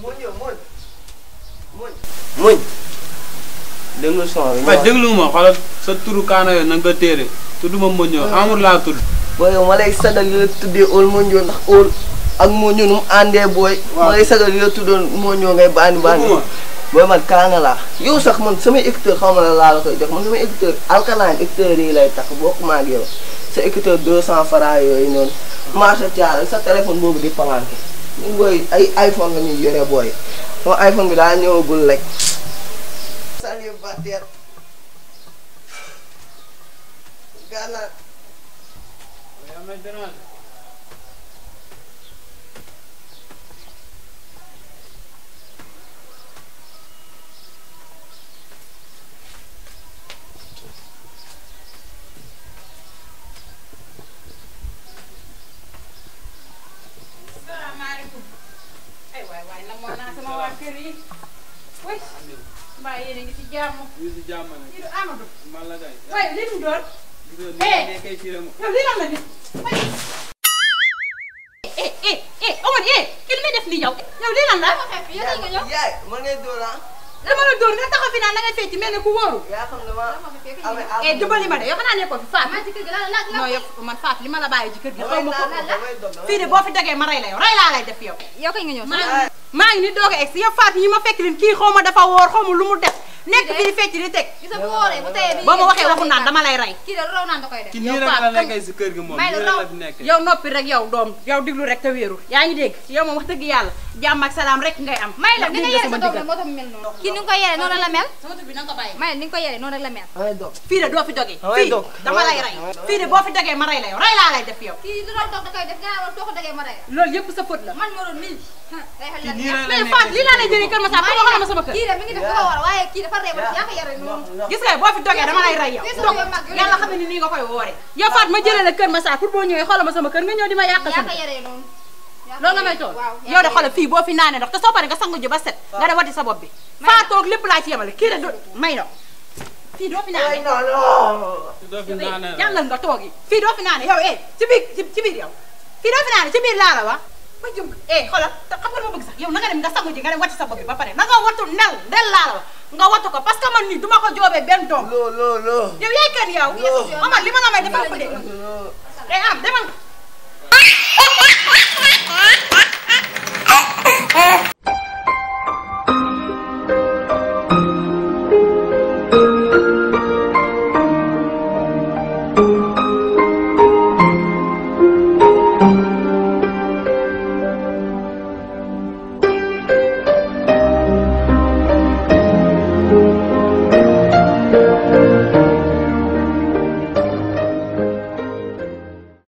muñ déglu son bi. waaw déglu ma xoolal sa turu kaana yooyu na nga téere tudduma moño hmm. amur laa tudd. booy ma lay sagal li la tuddee ol moño ndax ol ak moño nu mu àndee booy. ma lay sagal li la tuddoon moño ngay baani baani. booy man kaana laa yow sax man samay écouteur xaw ma la laa la koy jox man samay écouteur alkalaan écouteur yi lay tax bokkuma ak yow sa écouteur 200 francs yooyu noonu. marché caal sa téléphone boobu di palanke. ñun booy ay iPhone la ñuy yore booy iPhone bi gulek. ñëwagul lekk salut Bader Gana. sama waa kër yi. oui. mbaa a ngi ci jàmm. ñu ci jàmm nag. kii du Amadou. man la kay. waaye li mu doon. eh yow li lan la nit. eh eh eh Omar eh kii li muy def nii yow. yow li lan la. yow nga yow. yaay mën ngay dóor ah. dama nga da fecc mel ne ku wóoru. yaa xam ma amee dimbali ma de yow fi Fatou. maa ci kër gi lan man li ma la bàyyi ci kër gi. xaw ma ko fii de boo fi la yow rey laa lay def yow. maa ngi ni doog a egg si yow Fatou ñi ma fekk leen kii xaw dafa woor xaw ma lu mu def nekk fi di fecc di teg. gis nga bu wooree bu teyee ba ma waxee waxu naan dama lay rey. kii de raw naan da koy def. yow Fatou nekkee si kër gi moom nii rek la fi nekkee. yow noppi rek yow doom yow diglu rek te wéeru yaa ngi dégg yow moom wax dëgg yàlla jàmm ak salaam rek ngay am. may la ni nga yere sa doom moo tax mu mel noonu. kii ni nga ko yere noonu la mel. sama tur bi na nga ko bàyyi. may la ni nga ko yere noonu rek la mel. fii de doo fi dogee. fii dama lay rey. fii de boo fi dogee ma rey la yow rey laa lay def yow. kii du doon dog da koy def nga war doo ko dogee ma rey la. loolu yëpp sa faute la. man moo doon mil bi. mais Fatou lii laa lay jëlee kër ma sa ko waxal ma sama kër. kii de mi ngi def ko war waaye kii dafa tey ba yaa ko yare noonu gis nga boo fi dogee dama lay rey yow dog yàlla xam ne nii nga koy woore yow Fatou ma jëlee la kër ma saa pour boo ñëwee xoolal ma sama kër nga ñëw di ma yàq sama loolu nga may toog yow de xoolal fii boo fi naanee ndox te soo paree nga ba set nga wati sa bopp faa toog lépp laa ci yemale kii de may na fii doo fi naanee jàngal nga toog yi fii eh, fii doo fi naanee ci biir laa la wax ma jëm eh xoolal xam nga sax yow na nga dem nga sangu nga watu ko parce que man duma ko joobee benn doom. loo loo loo. yow yaay kan yow. loo amal li ma la may dafa ëpp de. day eh, am demal. Thank you.